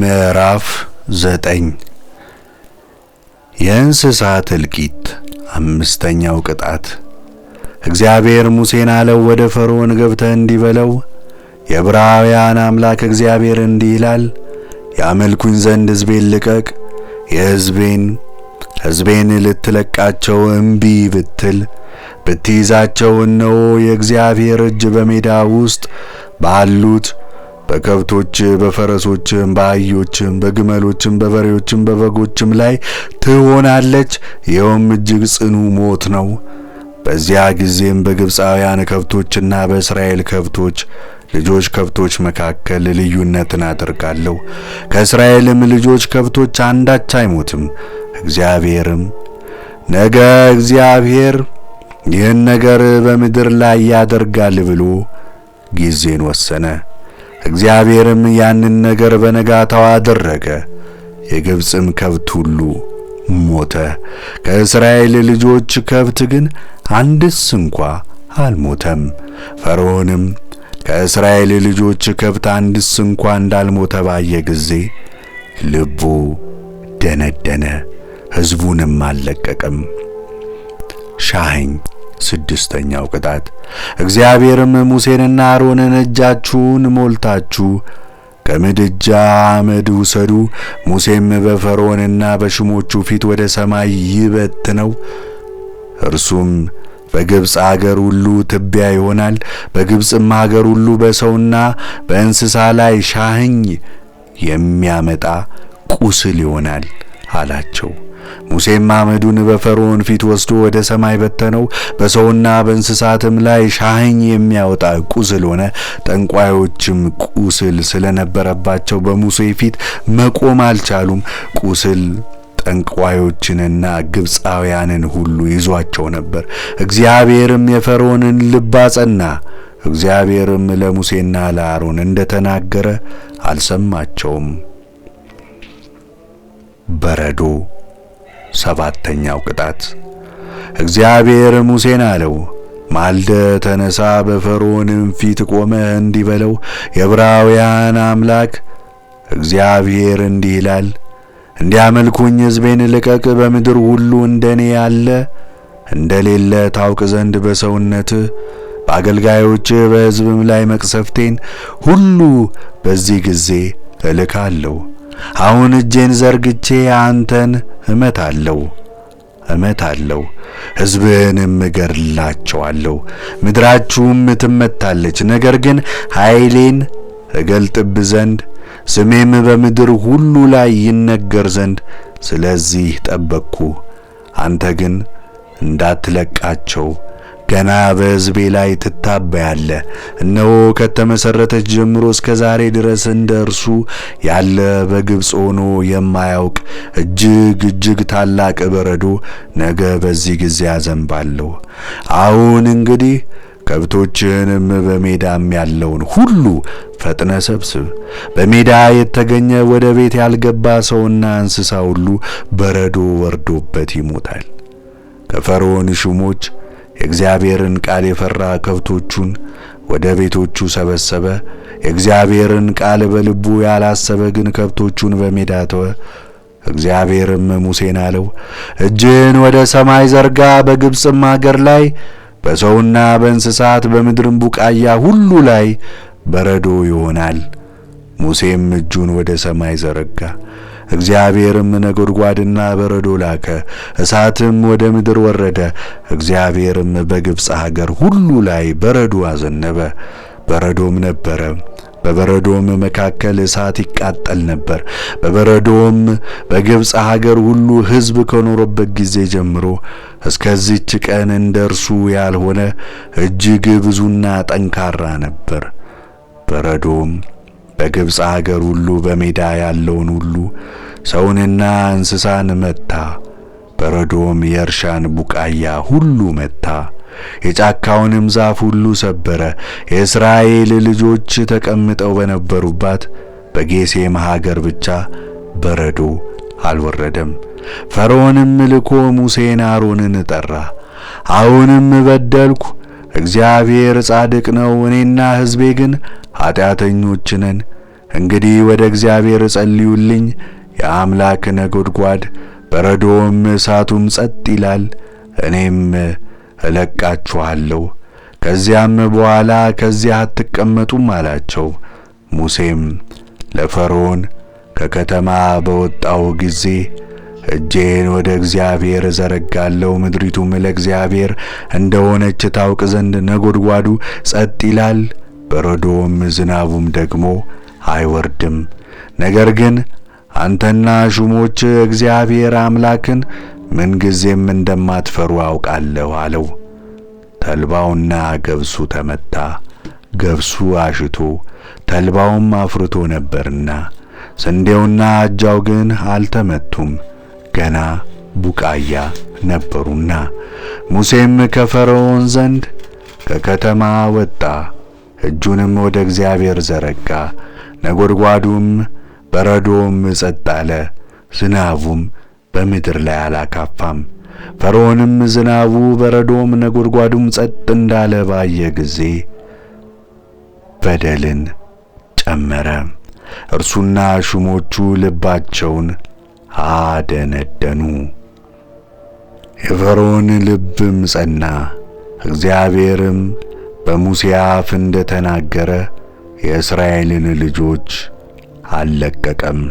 ምዕራፍ ዘጠኝ የእንስሳት እልቂት አምስተኛው ቅጣት። እግዚአብሔር ሙሴን አለው፣ ወደ ፈርዖን ገብተህ እንዲበለው በለው፣ የዕብራውያን አምላክ እግዚአብሔር እንዲህ ይላል፣ ያመልኩኝ ዘንድ ሕዝቤን ልቀቅ። የሕዝቤን ሕዝቤን ልትለቃቸው እምቢ ብትል ብትይዛቸው፣ እነሆ የእግዚአብሔር እጅ በሜዳ ውስጥ ባሉት በከብቶች፣ በፈረሶችም፣ በአህዮችም፣ በግመሎችም፣ በበሬዎችም፣ በበጎችም ላይ ትሆናለች። ይኸውም እጅግ ጽኑ ሞት ነው። በዚያ ጊዜም በግብፃውያን ከብቶችና በእስራኤል ከብቶች ልጆች ከብቶች መካከል ልዩነትን አደርጋለሁ። ከእስራኤልም ልጆች ከብቶች አንዳች አይሞትም። እግዚአብሔርም ነገ እግዚአብሔር ይህን ነገር በምድር ላይ ያደርጋል ብሎ ጊዜን ወሰነ። እግዚአብሔርም ያንን ነገር በነጋታው አደረገ። የግብፅም ከብት ሁሉ ሞተ። ከእስራኤል ልጆች ከብት ግን አንድስ እንኳ አልሞተም። ፈርዖንም ከእስራኤል ልጆች ከብት አንድስ እንኳ እንዳልሞተ ባየ ጊዜ ልቡ ደነደነ፣ ሕዝቡንም አልለቀቅም ሻህኝ ስድስተኛው ቅጣት እግዚአብሔርም ሙሴንና አሮንን እጃችሁን ሞልታችሁ ከምድጃ አመድ ውሰዱ፣ ሙሴም በፈርዖንና በሹሞቹ ፊት ወደ ሰማይ ይበትነው፣ እርሱም በግብፅ አገር ሁሉ ትቢያ ይሆናል። በግብፅም አገር ሁሉ በሰውና በእንስሳ ላይ ሻህኝ የሚያመጣ ቁስል ይሆናል አላቸው። ሙሴም አመዱን በፈርዖን ፊት ወስዶ ወደ ሰማይ በተነው። በሰውና በእንስሳትም ላይ ሻህኝ የሚያወጣ ቁስል ሆነ። ጠንቋዮችም ቁስል ስለነበረባቸው በሙሴ ፊት መቆም አልቻሉም። ቁስል ጠንቋዮችንና ግብፃውያንን ሁሉ ይዟቸው ነበር። እግዚአብሔርም የፈርዖንን ልብ አጸና። እግዚአብሔርም ለሙሴና ለአሮን እንደተናገረ አልሰማቸውም። በረዶ ሰባተኛው ቅጣት እግዚአብሔር ሙሴን አለው፣ ማልደ ተነሳ፣ በፈርዖንም ፊት ቆመህ እንዲህ በለው፣ የዕብራውያን አምላክ እግዚአብሔር እንዲህ ይላል፣ እንዲያመልኩኝ ሕዝቤን ልቀቅ። በምድር ሁሉ እንደኔ ያለ እንደሌለ ታውቅ ዘንድ በሰውነትህ በአገልጋዮች በሕዝብም ላይ መቅሰፍቴን ሁሉ በዚህ ጊዜ እልካለሁ። አሁን እጄን ዘርግቼ አንተን እመታለሁ እመታለሁ ሕዝብህንም እገድላቸዋለሁ፣ ምድራችሁም ትመታለች። ነገር ግን ኃይሌን እገልጥብ ዘንድ ስሜም በምድር ሁሉ ላይ ይነገር ዘንድ ስለዚህ ጠበቅኩ። አንተ ግን እንዳትለቃቸው ገና በሕዝቤ ላይ ትታበያለ። እነሆ ከተመሠረተች ጀምሮ እስከ ዛሬ ድረስ እንደ እርሱ ያለ በግብፅ ሆኖ የማያውቅ እጅግ እጅግ ታላቅ በረዶ ነገ በዚህ ጊዜ አዘንባለሁ። አሁን እንግዲህ ከብቶችህንም በሜዳም ያለውን ሁሉ ፈጥነ ሰብስብ። በሜዳ የተገኘ ወደ ቤት ያልገባ ሰውና እንስሳ ሁሉ በረዶ ወርዶበት ይሞታል። ከፈርዖን ሹሞች የእግዚአብሔርን ቃል የፈራ ከብቶቹን ወደ ቤቶቹ ሰበሰበ። የእግዚአብሔርን ቃል በልቡ ያላሰበ ግን ከብቶቹን በሜዳ ተወ። እግዚአብሔርም ሙሴን አለው፣ እጅህን ወደ ሰማይ ዘርጋ፣ በግብፅም አገር ላይ በሰውና በእንስሳት በምድርም ቡቃያ ሁሉ ላይ በረዶ ይሆናል። ሙሴም እጁን ወደ ሰማይ ዘረጋ። እግዚአብሔርም ነጎድጓድና በረዶ ላከ፣ እሳትም ወደ ምድር ወረደ። እግዚአብሔርም በግብፅ ሀገር ሁሉ ላይ በረዶ አዘነበ፣ በረዶም ነበረ። በበረዶም መካከል እሳት ይቃጠል ነበር። በበረዶም በግብፅ ሀገር ሁሉ ሕዝብ ከኖረበት ጊዜ ጀምሮ እስከዚች ቀን እንደ እርሱ ያልሆነ እጅግ ብዙና ጠንካራ ነበር። በረዶም በግብፅ አገር ሁሉ በሜዳ ያለውን ሁሉ ሰውንና እንስሳን መታ። በረዶም የእርሻን ቡቃያ ሁሉ መታ፣ የጫካውንም ዛፍ ሁሉ ሰበረ። የእስራኤል ልጆች ተቀምጠው በነበሩባት በጌሴም ሀገር ብቻ በረዶ አልወረደም። ፈርዖንም ልኮ ሙሴን አሮንን ጠራ። አሁንም በደልኩ እግዚአብሔር ጻድቅ ነው፣ እኔና ሕዝቤ ግን ኃጢአተኞች ነን። እንግዲህ ወደ እግዚአብሔር ጸልዩልኝ። የአምላክ ነጎድጓድ በረዶም እሳቱም ጸጥ ይላል፣ እኔም እለቃችኋለሁ፣ ከዚያም በኋላ ከዚያ አትቀመጡም አላቸው። ሙሴም ለፈርዖን ከከተማ በወጣው ጊዜ እጄን ወደ እግዚአብሔር እዘረጋለሁ፣ ምድሪቱም ለእግዚአብሔር እንደሆነች ታውቅ ዘንድ ነጎድጓዱ ጸጥ ይላል፣ በረዶውም ዝናቡም ደግሞ አይወርድም። ነገር ግን አንተና ሹሞች እግዚአብሔር አምላክን ምንጊዜም እንደማትፈሩ አውቃለሁ አለው። ተልባውና ገብሱ ተመታ፣ ገብሱ አሽቶ ተልባውም አፍርቶ ነበርና፣ ስንዴውና አጃው ግን አልተመቱም። ገና ቡቃያ ነበሩና። ሙሴም ከፈርዖን ዘንድ ከከተማ ወጣ፣ እጁንም ወደ እግዚአብሔር ዘረጋ። ነጎድጓዱም በረዶም ጸጥ አለ፣ ዝናቡም በምድር ላይ አላካፋም። ፈርዖንም ዝናቡ በረዶም ነጎድጓዱም ጸጥ እንዳለ ባየ ጊዜ በደልን ጨመረ። እርሱና ሹሞቹ ልባቸውን አደነደኑ። የፈርዖን ልብም ጸና። እግዚአብሔርም በሙሴ አፍ እንደተናገረ የእስራኤልን ልጆች አልለቀቀም።